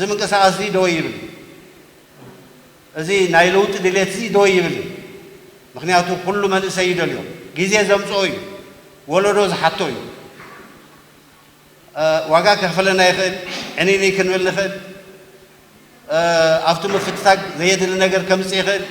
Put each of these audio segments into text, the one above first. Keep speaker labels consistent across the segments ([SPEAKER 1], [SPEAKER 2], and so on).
[SPEAKER 1] ዝምንቅሳቀስ ዶ ይብል እዚ ናይ ለውጢ ድሌት እዚ ዶ ይብል ምክንያቱ ኩሉ መንእሰይ ይደልዮ ግዜ ዘምፅኦ እዩ ወለዶ ዝሓቶ እዩ ዋጋ ከክፈለና ይኽእል ዕኒኒ ክንብል ንኽእል ኣብቲ ምፍትታግ ዘየድሊ ነገር ከምፅእ ይኽእል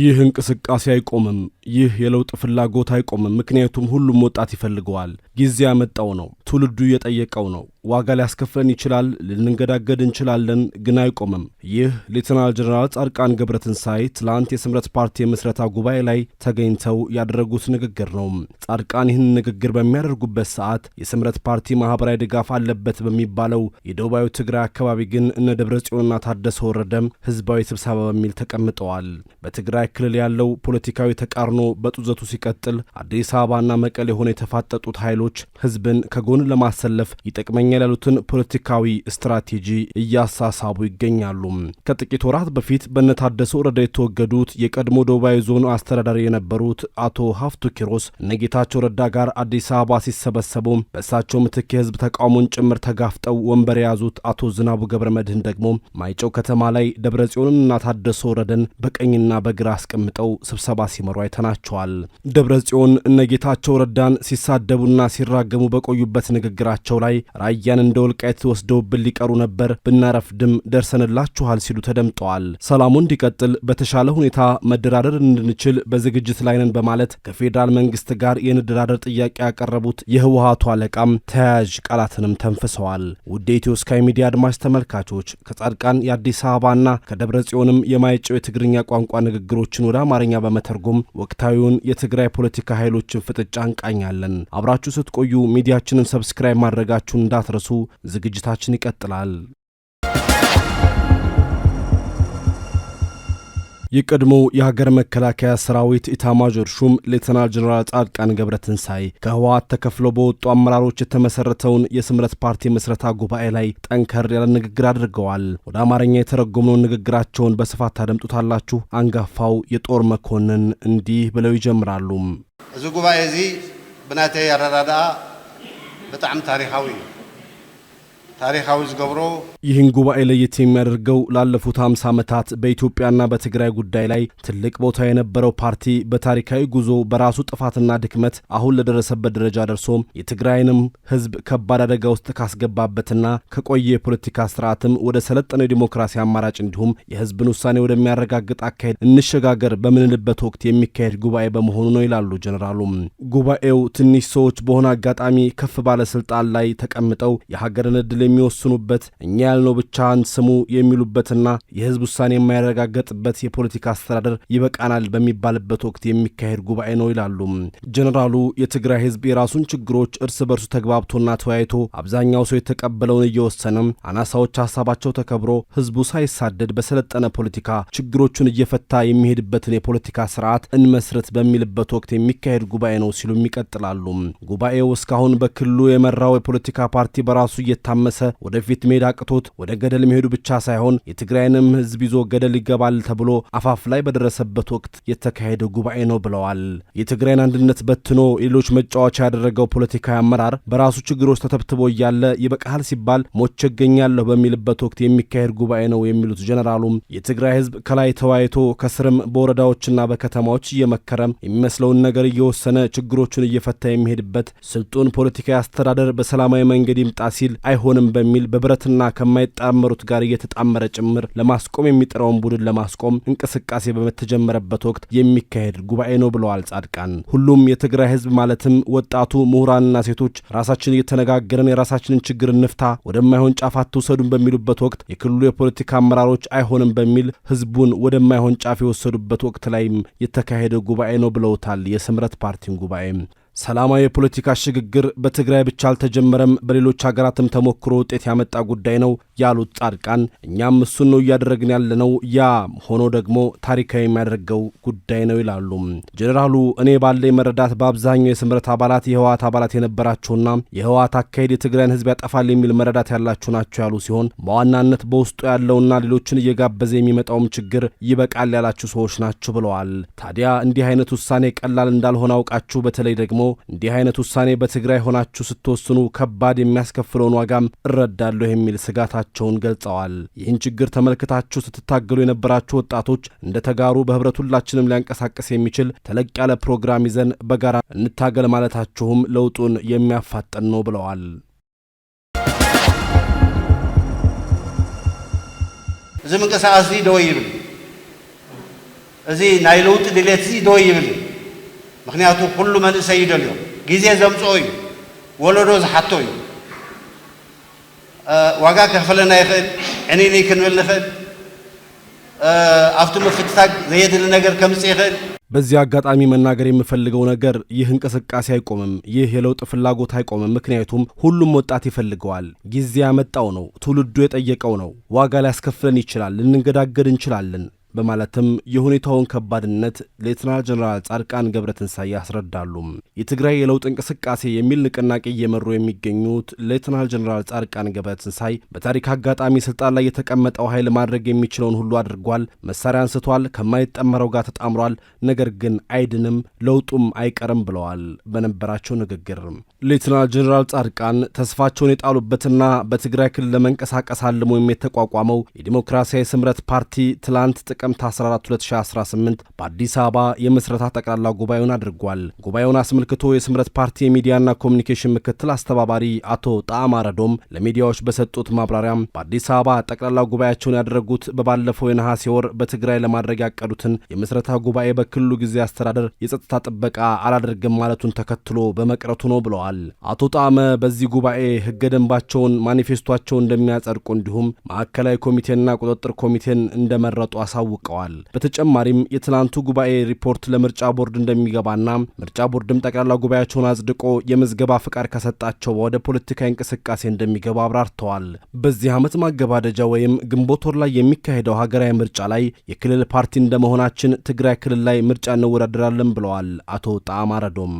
[SPEAKER 2] ይህ እንቅስቃሴ አይቆምም። ይህ የለውጥ ፍላጎት አይቆምም። ምክንያቱም ሁሉም ወጣት ይፈልገዋል። ጊዜ ያመጣው ነው። ትውልዱ እየጠየቀው ነው። ዋጋ ሊያስከፍለን ይችላል። ልንገዳገድ እንችላለን፣ ግን አይቆምም። ይህ ሌተናል ጀነራል ጻድቃን ገብረትንሳኤ ትላንት የስምረት ፓርቲ የምስረታ ጉባኤ ላይ ተገኝተው ያደረጉት ንግግር ነው። ጻድቃን ይህን ንግግር በሚያደርጉበት ሰዓት የስምረት ፓርቲ ማህበራዊ ድጋፍ አለበት በሚባለው የደቡባዊ ትግራይ አካባቢ ግን እነ ደብረ ጽዮንና ታደሰ ወረደም ህዝባዊ ስብሰባ በሚል ተቀምጠዋል። በትግራይ ክልል ያለው ፖለቲካዊ ተቃርኖ ሆኖ በጡዘቱ ሲቀጥል አዲስ አበባና መቀሌ ሆነ የተፋጠጡት ኃይሎች ህዝብን ከጎን ለማሰለፍ ይጠቅመኛል ያሉትን ፖለቲካዊ ስትራቴጂ እያሳሳቡ ይገኛሉ። ከጥቂት ወራት በፊት በነታደሰ ወረዳ የተወገዱት የቀድሞ ደቡባዊ ዞኑ አስተዳዳሪ የነበሩት አቶ ሀፍቱ ኪሮስ እነጌታቸው ረዳ ጋር አዲስ አበባ ሲሰበሰቡ በእሳቸው ምትክ የህዝብ ተቃውሞን ጭምር ተጋፍጠው ወንበር የያዙት አቶ ዝናቡ ገብረ መድህን ደግሞ ማይጨው ከተማ ላይ ደብረ ጽዮንንና ታደሰ ወረደን በቀኝና በግራ አስቀምጠው ስብሰባ ሲመሩ አይተናል። አመልክተናቸዋል። ደብረ ጽዮን እነ ጌታቸው ረዳን ሲሳደቡና ሲራገሙ በቆዩበት ንግግራቸው ላይ ራያን እንደ ወልቃይት ወስደውብን ሊቀሩ ነበር፣ ብናረፍድም ደርሰንላችኋል ሲሉ ተደምጠዋል። ሰላሙ እንዲቀጥል በተሻለ ሁኔታ መደራደር እንድንችል በዝግጅት ላይ ነን በማለት ከፌዴራል መንግስት ጋር የንደራደር ጥያቄ ያቀረቡት የህወሀቱ አለቃም ተያያዥ ቃላትንም ተንፍሰዋል። ውድ ኢትዮ ስካይ ሚዲያ አድማጭ ተመልካቾች ከጻድቃን የአዲስ አበባና ከደብረ ጽዮንም የማይጨው የትግርኛ ቋንቋ ንግግሮችን ወደ አማርኛ በመተርጎም ወቅታዊውን የትግራይ ፖለቲካ ኃይሎችን ፍጥጫ እንቃኛለን። አብራችሁ ስትቆዩ ሚዲያችንን ሰብስክራይብ ማድረጋችሁን እንዳትረሱ። ዝግጅታችን ይቀጥላል። የቀድሞ የሀገር መከላከያ ሰራዊት ኢታማዦር ሹም ሌተናል ጀኔራል ጻድቃን ገብረትንሳይ ከህወሓት ተከፍለው በወጡ አመራሮች የተመሰረተውን የስምረት ፓርቲ ምስረታ ጉባኤ ላይ ጠንከር ያለ ንግግር አድርገዋል። ወደ አማርኛ የተረጎምነውን ንግግራቸውን በስፋት ታደምጡታላችሁ። አንጋፋው የጦር መኮንን እንዲህ ብለው ይጀምራሉ።
[SPEAKER 1] እዚ ጉባኤ እዚ ብናተይ አረዳድኣ ብጣዕሚ ታሪካዊ እዩ ታሪካዊ ዝገብሮ
[SPEAKER 2] ይህን ጉባኤ ለየት የሚያደርገው ላለፉት 50 ዓመታት በኢትዮጵያና በትግራይ ጉዳይ ላይ ትልቅ ቦታ የነበረው ፓርቲ በታሪካዊ ጉዞ በራሱ ጥፋትና ድክመት አሁን ለደረሰበት ደረጃ ደርሶ የትግራይንም ሕዝብ ከባድ አደጋ ውስጥ ካስገባበትና ከቆየ የፖለቲካ ስርዓትም ወደ ሰለጠነው የዲሞክራሲ አማራጭ እንዲሁም የሕዝብን ውሳኔ ወደሚያረጋግጥ አካሄድ እንሸጋገር በምንልበት ወቅት የሚካሄድ ጉባኤ በመሆኑ ነው ይላሉ ጀኔራሉ። ጉባኤው ትንሽ ሰዎች በሆነ አጋጣሚ ከፍ ባለስልጣን ላይ ተቀምጠው የሀገርን ዕድል የሚወስኑበት እኛ ያልነው ብቻን ስሙ የሚሉበትና የህዝብ ውሳኔ የማይረጋገጥበት የፖለቲካ አስተዳደር ይበቃናል በሚባልበት ወቅት የሚካሄድ ጉባኤ ነው ይላሉ ጀኔራሉ። የትግራይ ህዝብ የራሱን ችግሮች እርስ በርሱ ተግባብቶና ተወያይቶ አብዛኛው ሰው የተቀበለውን እየወሰነም አናሳዎች ሀሳባቸው ተከብሮ ህዝቡ ሳይሳደድ በሰለጠነ ፖለቲካ ችግሮቹን እየፈታ የሚሄድበትን የፖለቲካ ስርዓት እንመስረት በሚልበት ወቅት የሚካሄድ ጉባኤ ነው ሲሉም ይቀጥላሉ። ጉባኤው እስካሁን በክልሉ የመራው የፖለቲካ ፓርቲ በራሱ እየታመሰ ደረሰ። ወደፊት መሄድ አቅቶት ወደ ገደል መሄዱ ብቻ ሳይሆን የትግራይንም ህዝብ ይዞ ገደል ይገባል ተብሎ አፋፍ ላይ በደረሰበት ወቅት የተካሄደ ጉባኤ ነው ብለዋል። የትግራይን አንድነት በትኖ ሌሎች መጫወቻ ያደረገው ፖለቲካዊ አመራር በራሱ ችግሮች ተተብትቦ እያለ ይበቃል ሲባል ሞቼ እገኛለሁ በሚልበት ወቅት የሚካሄድ ጉባኤ ነው የሚሉት ጀኔራሉም የትግራይ ህዝብ ከላይ ተወያይቶ ከስርም በወረዳዎችና በከተማዎች እየመከረም የሚመስለውን ነገር እየወሰነ ችግሮቹን እየፈታ የሚሄድበት ስልጡን ፖለቲካዊ አስተዳደር በሰላማዊ መንገድ ይምጣ ሲል አይሆንም አይሆንም በሚል በብረትና ከማይጣመሩት ጋር እየተጣመረ ጭምር ለማስቆም የሚጥረውን ቡድን ለማስቆም እንቅስቃሴ በመተጀመረበት ወቅት የሚካሄድ ጉባኤ ነው ብለዋል ጻድቃን። ሁሉም የትግራይ ህዝብ ማለትም ወጣቱ፣ ምሁራንና ሴቶች ራሳችን እየተነጋገረን የራሳችንን ችግር እንፍታ፣ ወደማይሆን ጫፍ አትውሰዱን በሚሉበት ወቅት የክልሉ የፖለቲካ አመራሮች አይሆንም በሚል ህዝቡን ወደማይሆን ጫፍ የወሰዱበት ወቅት ላይም የተካሄደ ጉባኤ ነው ብለውታል የስምረት ፓርቲን ጉባኤ። ሰላማዊ የፖለቲካ ሽግግር በትግራይ ብቻ አልተጀመረም፣ በሌሎች ሀገራትም ተሞክሮ ውጤት ያመጣ ጉዳይ ነው ያሉት ጻድቃን፣ እኛም እሱን ነው እያደረግን ያለነው፣ ያ ሆኖ ደግሞ ታሪካዊ የሚያደርገው ጉዳይ ነው ይላሉ ጄኔራሉ። እኔ ባለኝ መረዳት በአብዛኛው የስምረት አባላት የህወሓት አባላት የነበራችሁና የህወሓት አካሄድ የትግራይን ህዝብ ያጠፋል የሚል መረዳት ያላችሁ ናቸው ያሉ ሲሆን በዋናነት በውስጡ ያለውና ሌሎችን እየጋበዘ የሚመጣውም ችግር ይበቃል ያላችሁ ሰዎች ናችሁ ብለዋል። ታዲያ እንዲህ አይነት ውሳኔ ቀላል እንዳልሆነ አውቃችሁ በተለይ ደግሞ ደግሞ እንዲህ አይነት ውሳኔ በትግራይ ሆናችሁ ስትወስኑ ከባድ የሚያስከፍለውን ዋጋም እረዳለሁ የሚል ስጋታቸውን ገልጸዋል። ይህን ችግር ተመልክታችሁ ስትታገሉ የነበራችሁ ወጣቶች እንደ ተጋሩ በህብረት ሁላችንም ሊያንቀሳቀስ የሚችል ተለቅ ያለ ፕሮግራም ይዘን በጋራ እንታገል ማለታችሁም ለውጡን የሚያፋጠን ነው ብለዋል።
[SPEAKER 1] እዚ ምንቅስቃስ እዚ ደወ ይብል እዚ ናይ ለውጢ ድሌት እዚ ደወ ይብል ምክንያቱ ኩሉ መንእሰይ ይደልዮ ግዜ ዘምፅኦ እዩ ወለዶ ዝሓቶ እዩ ዋጋ ከኽፈለና ይኽእል ዕኒኒ ክንብል ንኽእል ኣብቲ ምፍትታግ ዘየድሊ ነገር ከምፅ ይኽእል
[SPEAKER 2] በዚህ አጋጣሚ መናገር የምፈልገው ነገር ይህ እንቅስቃሴ አይቆምም። ይህ የለውጥ ፍላጎት አይቆምም። ምክንያቱም ሁሉም ወጣት ይፈልገዋል። ጊዜ ያመጣው ነው፣ ትውልዱ የጠየቀው ነው። ዋጋ ሊያስከፍለን ይችላል፣ ልንገዳገድ እንችላለን። በማለትም የሁኔታውን ከባድነት ሌትናል ጀነራል ጻድቃን ገብረትንሳኤ ያስረዳሉ። የትግራይ የለውጥ እንቅስቃሴ የሚል ንቅናቄ እየመሩ የሚገኙት ሌትናል ጀነራል ጻድቃን ገብረትንሳኤ በታሪክ አጋጣሚ ስልጣን ላይ የተቀመጠው ኃይል ማድረግ የሚችለውን ሁሉ አድርጓል። መሳሪያ አንስቷል፣ ከማይጠመረው ጋር ተጣምሯል። ነገር ግን አይድንም፣ ለውጡም አይቀርም ብለዋል። በነበራቸው ንግግር ሌትናል ጀነራል ጻድቃን ተስፋቸውን የጣሉበትና በትግራይ ክልል ለመንቀሳቀስ አልሞ የተቋቋመው የዲሞክራሲያዊ ስምረት ፓርቲ ትላንት ጥቅምት 14 2018 በአዲስ አበባ የምስረታ ጠቅላላ ጉባኤውን አድርጓል። ጉባኤውን አስመልክቶ የስምረት ፓርቲ የሚዲያና ኮሚኒኬሽን ምክትል አስተባባሪ አቶ ጣዕም አረዶም ለሚዲያዎች በሰጡት ማብራሪያም በአዲስ አበባ ጠቅላላ ጉባኤያቸውን ያደረጉት በባለፈው የነሐሴ ወር በትግራይ ለማድረግ ያቀዱትን የምስረታ ጉባኤ በክልሉ ጊዜ አስተዳደር የጸጥታ ጥበቃ አላደርግም ማለቱን ተከትሎ በመቅረቱ ነው ብለዋል። አቶ ጣዕመ በዚህ ጉባኤ ህገ ደንባቸውን ማኒፌስቷቸውን እንደሚያጸድቁ እንዲሁም ማዕከላዊ ኮሚቴና ቁጥጥር ኮሚቴን እንደመረጡ አሳው አሳውቀዋል። በተጨማሪም የትናንቱ ጉባኤ ሪፖርት ለምርጫ ቦርድ እንደሚገባና ምርጫ ቦርድም ጠቅላላ ጉባኤያቸውን አጽድቆ የምዝገባ ፍቃድ ከሰጣቸው ወደ ፖለቲካ እንቅስቃሴ እንደሚገባ አብራርተዋል። በዚህ ዓመት ማገባደጃ ወይም ግንቦት ወር ላይ የሚካሄደው ሀገራዊ ምርጫ ላይ የክልል ፓርቲ እንደመሆናችን ትግራይ ክልል ላይ ምርጫ እንወዳደራለን ብለዋል አቶ ጣዕማ ረዶም።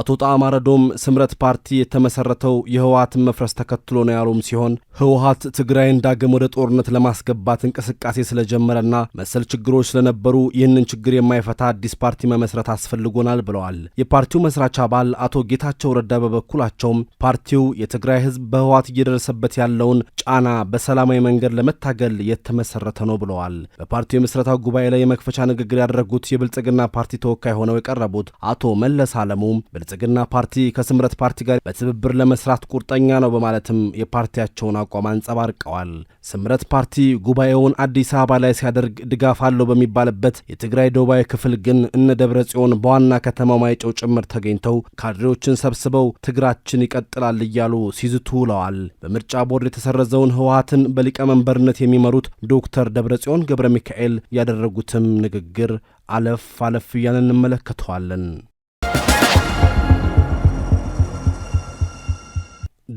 [SPEAKER 2] አቶ ጣማረ ዶም ስምረት ፓርቲ የተመሰረተው የህወሀትን መፍረስ ተከትሎ ነው ያሉም ሲሆን ህወሀት ትግራይን ዳግም ወደ ጦርነት ለማስገባት እንቅስቃሴ ስለጀመረና መሰል ችግሮች ስለነበሩ ይህንን ችግር የማይፈታ አዲስ ፓርቲ መመስረት አስፈልጎናል ብለዋል። የፓርቲው መስራች አባል አቶ ጌታቸው ረዳ በበኩላቸውም ፓርቲው የትግራይ ህዝብ በህወሀት እየደረሰበት ያለውን ጫና በሰላማዊ መንገድ ለመታገል የተመሰረተ ነው ብለዋል። በፓርቲው የምስረታው ጉባኤ ላይ የመክፈቻ ንግግር ያደረጉት የብልጽግና ፓርቲ ተወካይ ሆነው የቀረቡት አቶ መለስ አለሙ ብልጽግና ፓርቲ ከስምረት ፓርቲ ጋር በትብብር ለመስራት ቁርጠኛ ነው በማለትም የፓርቲያቸውን አቋም አንጸባርቀዋል። ስምረት ፓርቲ ጉባኤውን አዲስ አበባ ላይ ሲያደርግ ድጋፍ አለው በሚባልበት የትግራይ ደቡባዊ ክፍል ግን እነ ደብረ ጽዮን በዋና ከተማው ማይጨው ጭምር ተገኝተው ካድሬዎችን ሰብስበው ትግራችን ይቀጥላል እያሉ ሲዝቱ ውለዋል። በምርጫ ቦርድ የተሰረዘውን ህወሀትን በሊቀመንበርነት የሚመሩት ዶክተር ደብረ ጽዮን ገብረ ሚካኤል ያደረጉትም ንግግር አለፍ አለፍ እያልን እንመለከተዋለን።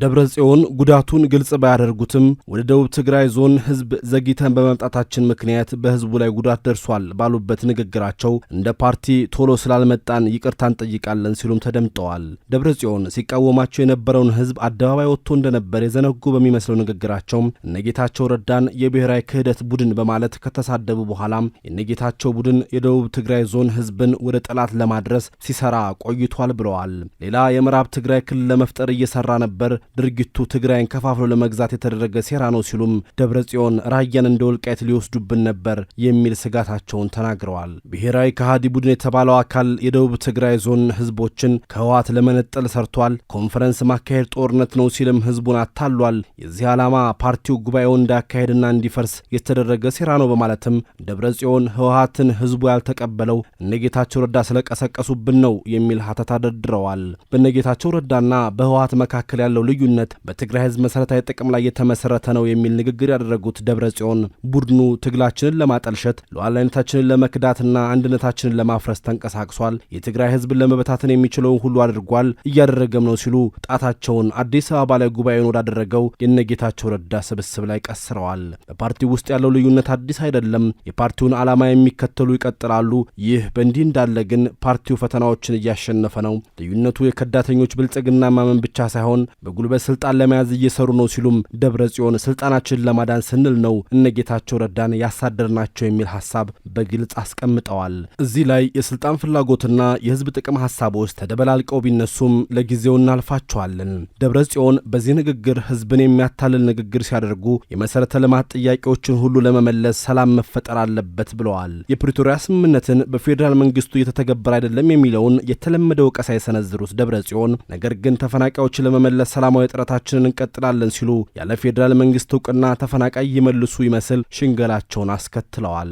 [SPEAKER 2] ደብረ ጽዮን ጉዳቱን ግልጽ ባያደርጉትም ወደ ደቡብ ትግራይ ዞን ህዝብ ዘግይተን በመምጣታችን ምክንያት በህዝቡ ላይ ጉዳት ደርሷል ባሉበት ንግግራቸው እንደ ፓርቲ ቶሎ ስላልመጣን ይቅርታ እንጠይቃለን ሲሉም ተደምጠዋል። ደብረ ጽዮን ሲቃወማቸው የነበረውን ህዝብ አደባባይ ወጥቶ እንደነበር የዘነጉ በሚመስለው ንግግራቸውም እነጌታቸው ረዳን የብሔራዊ ክህደት ቡድን በማለት ከተሳደቡ በኋላም የነጌታቸው ቡድን የደቡብ ትግራይ ዞን ህዝብን ወደ ጠላት ለማድረስ ሲሰራ ቆይቷል ብለዋል። ሌላ የምዕራብ ትግራይ ክልል ለመፍጠር እየሰራ ነበር ድርጊቱ ትግራይን ከፋፍሎ ለመግዛት የተደረገ ሴራ ነው ሲሉም ደብረ ጽዮን ራያን እንደ ወልቃይት ሊወስዱብን ነበር የሚል ስጋታቸውን ተናግረዋል። ብሔራዊ ከሃዲ ቡድን የተባለው አካል የደቡብ ትግራይ ዞን ህዝቦችን ከህወሓት ለመነጠል ሰርቷል፣ ኮንፈረንስ ማካሄድ ጦርነት ነው ሲልም ህዝቡን አታሏል። የዚህ ዓላማ ፓርቲው ጉባኤው እንዳካሄድና እንዲፈርስ የተደረገ ሴራ ነው በማለትም ደብረ ጽዮን ህወሓትን ህዝቡ ያልተቀበለው እነጌታቸው ረዳ ስለቀሰቀሱብን ነው የሚል ሀተታ ደርድረዋል። በነጌታቸው ረዳና በህወሓት መካከል ያለው ልዩነት በትግራይ ህዝብ መሠረታዊ ጥቅም ላይ የተመሠረተ ነው የሚል ንግግር ያደረጉት ደብረ ጽዮን ቡድኑ ትግላችንን ለማጠልሸት ሉዓላዊነታችንን ለመክዳትና አንድነታችንን ለማፍረስ ተንቀሳቅሷል፣ የትግራይ ህዝብን ለመበታተን የሚችለውን ሁሉ አድርጓል፣ እያደረገም ነው ሲሉ ጣታቸውን አዲስ አበባ ላይ ጉባኤውን ወዳደረገው የነጌታቸው ረዳ ስብስብ ላይ ቀስረዋል። በፓርቲው ውስጥ ያለው ልዩነት አዲስ አይደለም። የፓርቲውን ዓላማ የሚከተሉ ይቀጥላሉ። ይህ በእንዲህ እንዳለ ግን ፓርቲው ፈተናዎችን እያሸነፈ ነው። ልዩነቱ የከዳተኞች ብልጽግና ማመን ብቻ ሳይሆን በጉልበት ስልጣን ለመያዝ እየሰሩ ነው ሲሉም ደብረ ጽዮን ስልጣናችን ለማዳን ስንል ነው እነጌታቸው ረዳን ያሳደር ናቸው የሚል ሀሳብ በግልጽ አስቀምጠዋል። እዚህ ላይ የስልጣን ፍላጎትና የህዝብ ጥቅም ሀሳቦች ተደበላልቀው ቢነሱም ለጊዜው እናልፋቸዋለን። ደብረ ጽዮን በዚህ ንግግር ህዝብን የሚያታልል ንግግር ሲያደርጉ የመሰረተ ልማት ጥያቄዎችን ሁሉ ለመመለስ ሰላም መፈጠር አለበት ብለዋል። የፕሪቶሪያ ስምምነትን በፌዴራል መንግስቱ እየተተገበረ አይደለም የሚለውን የተለመደ ወቀሳ የሰነዘሩት ደብረ ጽዮን ነገር ግን ተፈናቃዮችን ለመመለስ ሰላማዊ ጥረታችንን እንቀጥላለን ሲሉ ያለ ፌዴራል መንግስት እውቅና ተፈናቃይ ይመልሱ ይመስል ሽንገላቸውን አስከትለዋል።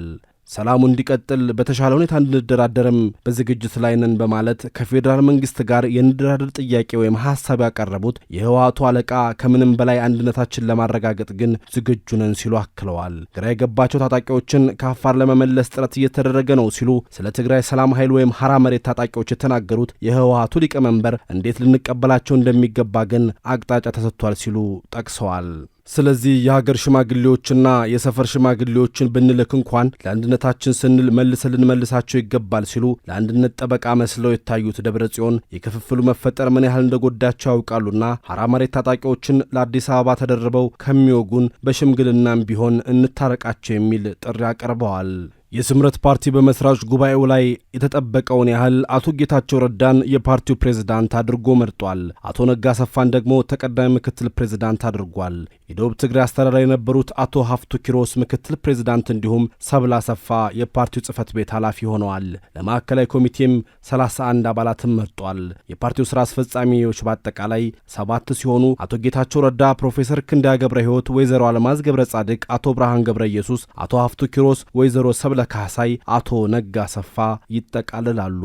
[SPEAKER 2] ሰላሙ እንዲቀጥል በተሻለ ሁኔታ እንድንደራደርም በዝግጅት ላይ ነን በማለት ከፌዴራል መንግስት ጋር የንደራደር ጥያቄ ወይም ሀሳብ ያቀረቡት የህወሓቱ አለቃ ከምንም በላይ አንድነታችን ለማረጋገጥ ግን ዝግጁ ነን ሲሉ አክለዋል። ግራ የገባቸው ታጣቂዎችን ከአፋር ለመመለስ ጥረት እየተደረገ ነው ሲሉ ስለ ትግራይ ሰላም ኃይል ወይም ሀራ መሬት ታጣቂዎች የተናገሩት የህወሓቱ ሊቀመንበር እንዴት ልንቀበላቸው እንደሚገባ ግን አቅጣጫ ተሰጥቷል ሲሉ ጠቅሰዋል። ስለዚህ የሀገር ሽማግሌዎችና የሰፈር ሽማግሌዎችን ብንልክ እንኳን ለአንድነታችን ስንል መልሰ ልንመልሳቸው ይገባል ሲሉ ለአንድነት ጠበቃ መስለው የታዩት ደብረ ጽዮን የክፍፍሉ መፈጠር ምን ያህል እንደጎዳቸው ያውቃሉና ሐራ መሬት ታጣቂዎችን ለአዲስ አበባ ተደርበው ከሚወጉን በሽምግልናም ቢሆን እንታረቃቸው የሚል ጥሪ አቅርበዋል። የስምረት ፓርቲ በመስራች ጉባኤው ላይ የተጠበቀውን ያህል አቶ ጌታቸው ረዳን የፓርቲው ፕሬዝዳንት አድርጎ መርጧል። አቶ ነጋ ሰፋን ደግሞ ተቀዳሚ ምክትል ፕሬዝዳንት አድርጓል። የደቡብ ትግራይ አስተዳዳሪ የነበሩት አቶ ሀፍቱ ኪሮስ ምክትል ፕሬዚዳንት እንዲሁም ሰብላ ሰፋ የፓርቲው ጽህፈት ቤት ኃላፊ ሆነዋል። ለማዕከላዊ ኮሚቴም 31 አባላትም መርጧል። የፓርቲው ስራ አስፈጻሚዎች በአጠቃላይ ሰባት ሲሆኑ አቶ ጌታቸው ረዳ፣ ፕሮፌሰር ክንዳ ገብረ ሕይወት፣ ወይዘሮ አልማዝ ገብረ ጻድቅ፣ አቶ ብርሃን ገብረ ኢየሱስ፣ አቶ ሀፍቱ ኪሮስ፣ ወይዘሮ ሰብለ ካህሳይ፣ አቶ ነጋ ሰፋ ይጠቃልላሉ።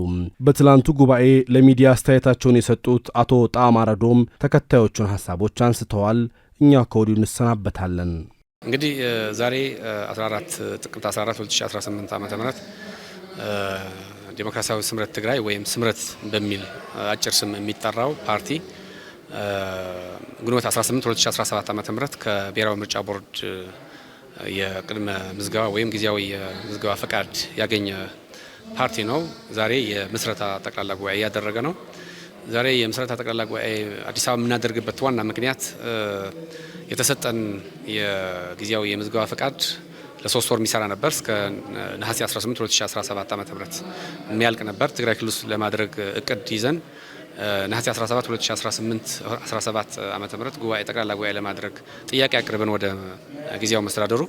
[SPEAKER 2] በትላንቱ ጉባኤ ለሚዲያ አስተያየታቸውን የሰጡት አቶ ጣማ ረዶም ተከታዮቹን ሀሳቦች አንስተዋል። እኛ ከወዲሁ እንሰናበታለን።
[SPEAKER 3] እንግዲህ ዛሬ 14 ጥቅምት 14 2018 ዓ ም ዴሞክራሲያዊ ስምረት ትግራይ ወይም ስምረት በሚል አጭር ስም የሚጠራው ፓርቲ ግንቦት 18 2017 ዓ ም ከብሔራዊ ምርጫ ቦርድ የቅድመ ምዝገባ ወይም ጊዜያዊ የምዝገባ ፈቃድ ያገኘ ፓርቲ ነው። ዛሬ የምስረታ ጠቅላላ ጉባኤ እያደረገ ነው። ዛሬ የምስረታ ጠቅላላ ጉባኤ አዲስ አበባ የምናደርግበት ዋና ምክንያት የተሰጠን የጊዜያዊ የምዝገባ ፈቃድ ለሶስት ወር የሚሰራ ነበር። እስከ ነሐሴ 18 2017 ዓ ም የሚያልቅ ነበር። ትግራይ ክልል ውስጥ ለማድረግ እቅድ ይዘን ነሐሴ 17 2018 17 ዓ ም ጉባኤ ጠቅላላ ጉባኤ ለማድረግ ጥያቄ አቅርበን ወደ ጊዜያዊ መስተዳደሩ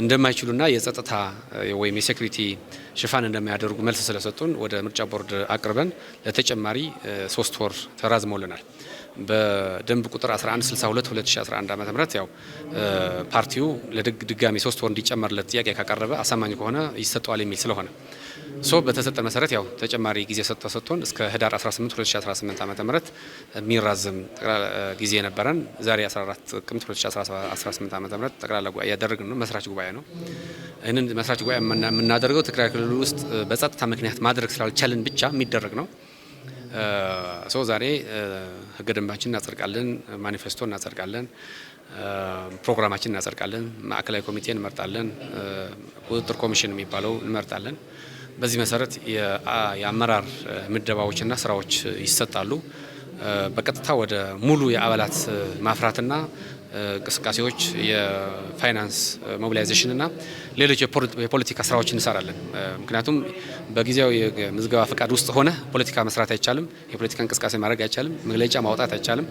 [SPEAKER 3] እንደማይችሉና የጸጥታ ወይም የሴኩሪቲ ሽፋን እንደማያደርጉ መልስ ስለሰጡን ወደ ምርጫ ቦርድ አቅርበን ለተጨማሪ ሶስት ወር ተራዝሞልናል። በደንብ ቁጥር 1162 2011 ዓ ም ያው ፓርቲው ለድጋሚ ሶስት ወር እንዲጨመርለት ጥያቄ ካቀረበ አሳማኝ ከሆነ ይሰጠዋል የሚል ስለሆነ ሶ በተሰጠ መሰረት ያው ተጨማሪ ጊዜ ሰጥቶን እስከ ህዳር 18 2018 ዓ.ም የሚራዘም ጊዜ ነበረን። ዛሬ 14 ጥቅምት 2018 ዓ.ም ጠቅላላ ጉባኤ ያደረግን ነው። መስራች ጉባኤ ነው። ይህንን መስራች ጉባኤ የምናደርገው ትግራይ ክልል ውስጥ በጸጥታ ምክንያት ማድረግ ስላልቻልን ብቻ የሚደረግ ነው። ሶ ዛሬ ህገ ደንባችን እናጸድቃለን፣ ማኒፌስቶ እናጸድቃለን፣ ፕሮግራማችን እናጸድቃለን፣ ማዕከላዊ ኮሚቴ እንመርጣለን፣ ቁጥጥር ኮሚሽን የሚባለው እንመርጣለን። በዚህ መሰረት የአመራር ምደባዎችና ስራዎች ይሰጣሉ። በቀጥታ ወደ ሙሉ የአባላት ማፍራትና እንቅስቃሴዎች የፋይናንስ ሞቢላይዜሽን እና ሌሎች የፖለቲካ ስራዎች እንሰራለን። ምክንያቱም በጊዜያዊ ምዝገባ ፈቃድ ውስጥ ሆነ ፖለቲካ መስራት አይቻልም። የፖለቲካ እንቅስቃሴ ማድረግ አይቻልም። መግለጫ ማውጣት አይቻልም።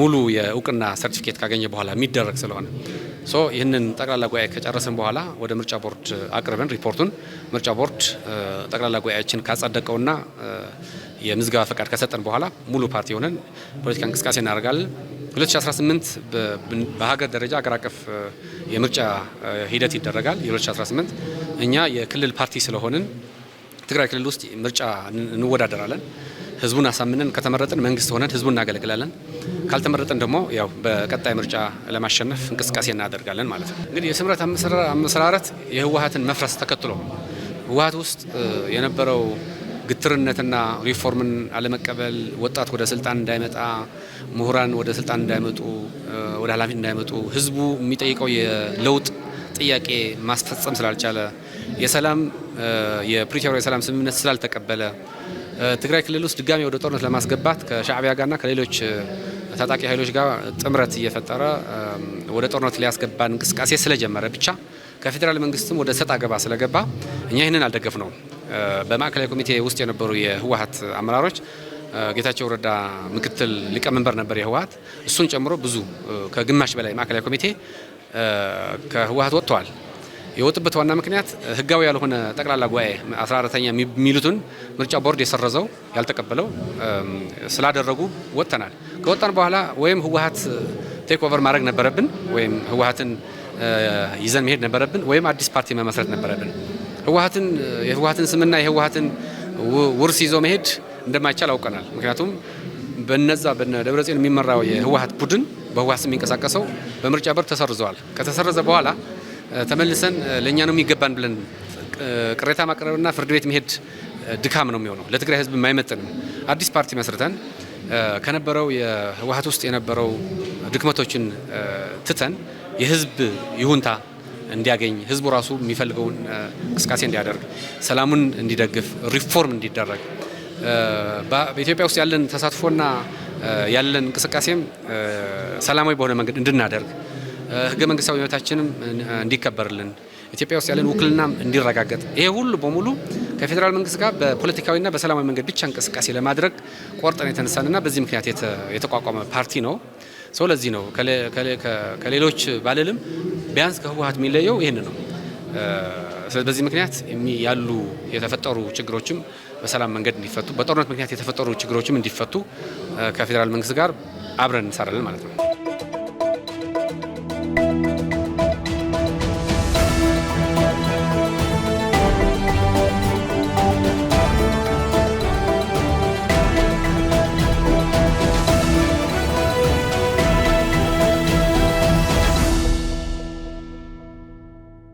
[SPEAKER 3] ሙሉ የእውቅና ሰርቲፊኬት ካገኘ በኋላ የሚደረግ ስለሆነ ሶ ይህንን ጠቅላላ ጉባኤ ከጨረስን በኋላ ወደ ምርጫ ቦርድ አቅርበን ሪፖርቱን ምርጫ ቦርድ ጠቅላላ ጉባኤያችን ካጸደቀውና የምዝገባ ፈቃድ ከሰጠን በኋላ ሙሉ ፓርቲ የሆነን ፖለቲካ እንቅስቃሴ እናደርጋለን። 2018 በሀገር ደረጃ አገር አቀፍ የምርጫ ሂደት ይደረጋል። የ2018 እኛ የክልል ፓርቲ ስለሆንን ትግራይ ክልል ውስጥ ምርጫ እንወዳደራለን። ህዝቡን አሳምነን ከተመረጥን መንግስት ሆነን ህዝቡን እናገለግላለን። ካልተመረጥን ደግሞ ያው በቀጣይ ምርጫ ለማሸነፍ እንቅስቃሴ እናደርጋለን ማለት ነው። እንግዲህ የስምረት አመሰራረት የህወሀትን መፍረስ ተከትሎ ህወሀት ውስጥ የነበረው ግትርነትና ሪፎርምን አለመቀበል፣ ወጣት ወደ ስልጣን እንዳይመጣ፣ ምሁራን ወደ ስልጣን እንዳይመጡ፣ ወደ ኃላፊነት እንዳይመጡ፣ ህዝቡ የሚጠይቀው የለውጥ ጥያቄ ማስፈጸም ስላልቻለ፣ የሰላም የፕሪቶሪያ የሰላም ስምምነት ስላልተቀበለ ትግራይ ክልል ውስጥ ድጋሚ ወደ ጦርነት ለማስገባት ከሻዕቢያ ጋርና ከሌሎች ታጣቂ ኃይሎች ጋር ጥምረት እየፈጠረ ወደ ጦርነት ሊያስገባ እንቅስቃሴ ስለጀመረ ብቻ ከፌዴራል መንግስትም ወደ ሰጥ አገባ ስለገባ እኛ ይህንን አልደገፍ ነው። በማዕከላዊ ኮሚቴ ውስጥ የነበሩ የህወሀት አመራሮች ጌታቸው ረዳ ምክትል ሊቀመንበር ነበር የህወሀት እሱን ጨምሮ ብዙ ከግማሽ በላይ ማዕከላዊ ኮሚቴ ከህወሀት ወጥተዋል። የወጥበት ዋና ምክንያት ህጋዊ ያልሆነ ጠቅላላ ጉባኤ 14ተኛ የሚሉትን ምርጫ ቦርድ የሰረዘው ያልተቀበለው ስላደረጉ ወጥተናል። ከወጣን በኋላ ወይም ህወሀት ቴክ ኦቨር ማድረግ ነበረብን ወይም ህወሀትን ይዘን መሄድ ነበረብን ወይም አዲስ ፓርቲ መመስረት ነበረብን። ህወሀትን የህወሀትን ስምና የህወሀትን ውርስ ይዞ መሄድ እንደማይቻል አውቀናል። ምክንያቱም በነዛ በደብረጽዮን የሚመራው የህወሀት ቡድን በህወሀት የሚንቀሳቀሰው በምርጫ ቦርድ ተሰርዘዋል። ከተሰረዘ በኋላ ተመልሰን ለእኛ ነው የሚገባን ብለን ቅሬታ ማቅረብና ፍርድ ቤት መሄድ ድካም ነው የሚሆነው። ለትግራይ ህዝብ የማይመጥንም አዲስ ፓርቲ መስርተን ከነበረው የህወሀት ውስጥ የነበረው ድክመቶችን ትተን የህዝብ ይሁንታ እንዲያገኝ ህዝቡ ራሱ የሚፈልገውን እንቅስቃሴ እንዲያደርግ፣ ሰላሙን እንዲደግፍ፣ ሪፎርም እንዲደረግ በኢትዮጵያ ውስጥ ያለን ተሳትፎና ያለን እንቅስቃሴም ሰላማዊ በሆነ መንገድ እንድናደርግ ህገ መንግስታዊ ህይወታችንም እንዲከበርልን ኢትዮጵያ ውስጥ ያለን ውክልና እንዲረጋገጥ ይሄ ሁሉ በሙሉ ከፌዴራል መንግስት ጋር በፖለቲካዊና በሰላማዊ መንገድ ብቻ እንቅስቃሴ ለማድረግ ቆርጠን የተነሳንና በዚህ ምክንያት የተቋቋመ ፓርቲ ነው። ሰው ለዚህ ነው ከሌሎች ባልልም ቢያንስ ከህወሀት የሚለየው ይህን ነው። በዚህ ምክንያት ያሉ የተፈጠሩ ችግሮችም በሰላም መንገድ እንዲፈቱ፣ በጦርነት ምክንያት የተፈጠሩ ችግሮችም እንዲፈቱ ከፌዴራል መንግስት ጋር አብረን እንሰራለን ማለት ነው።